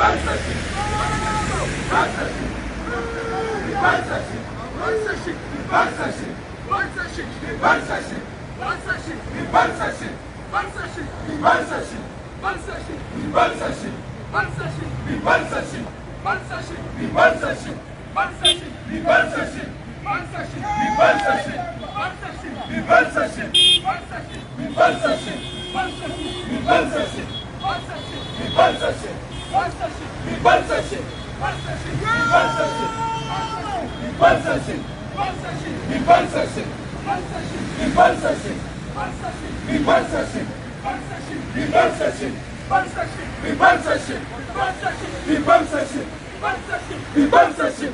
Balsa się! Balsa się! Balsa się! Reversation! Reversation! Reversation! Reversation! Reversation! Reversation! Reversation! Reversation! Reversation! Reversation! Reversation! Reversation! Reversation! Reversation!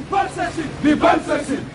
Reversation! Reversation! Reversation!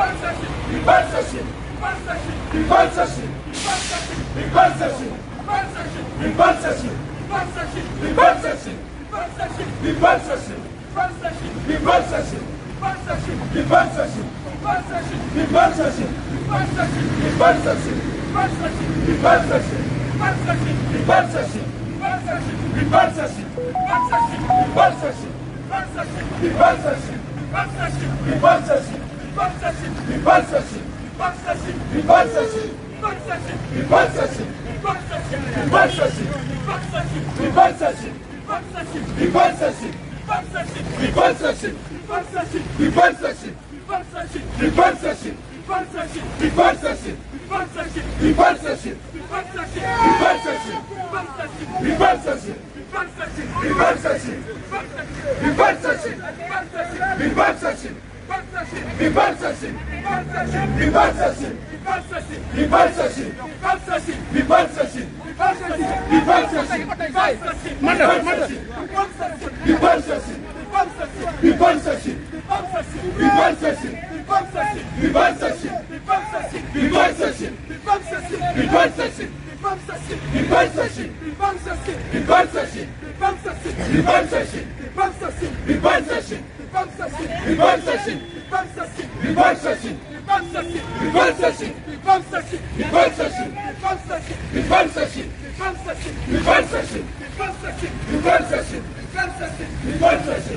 Dispensation! Dispensation! Dispensation! Reverse that shit! Reverse that shit! Reverse that shit! Liberal seçim. Liberal seçim. Liberal seçim. Liberal seçim. Liberal seçim. Murder, murder. Liberal seçim. Liberal seçim. Liberal seçim. Liberal seçim. Liberal seçim. Liberal seçim. Liberal seçim. Liberal seçim. Liberal seçim. Liberal seçim. Liberal seçim. Liberal seçim. Liberal seçim. Liberal seçim. Револьсаси! Револьсаси! Револьсаси! Револьсаси! Револьсаси! Револьсаси! Револьсаси! Револьсаси! Револьсаси! Револьсаси! Револьсаси!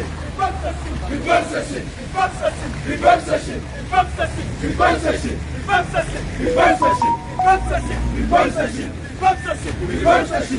Револьсаси! Револьсаси! Револьсаси! Револьсаси! Револьсаси! Револьсаси! Револьсаси! Револьсаси!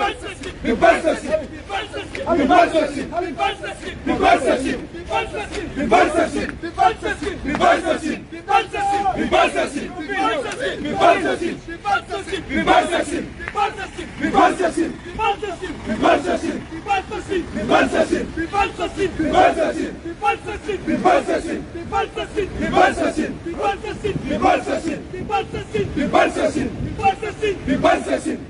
Bibal Sassin, Bibal Sassin, Bibal Sassin,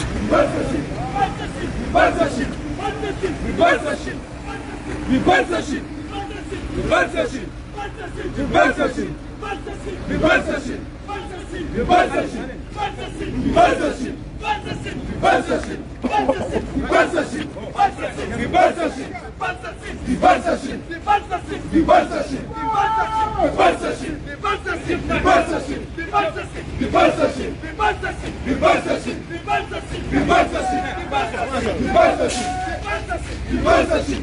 Reverse that shit! Reverse that shit! Reverse that shit! Levanta-se! Levanta-se! Levanta-se! Levanta-se! Levanta-se!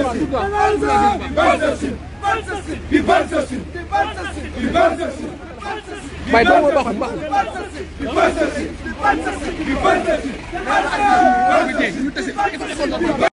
Bay doon mooy baaxul baaxul. bi baaxul si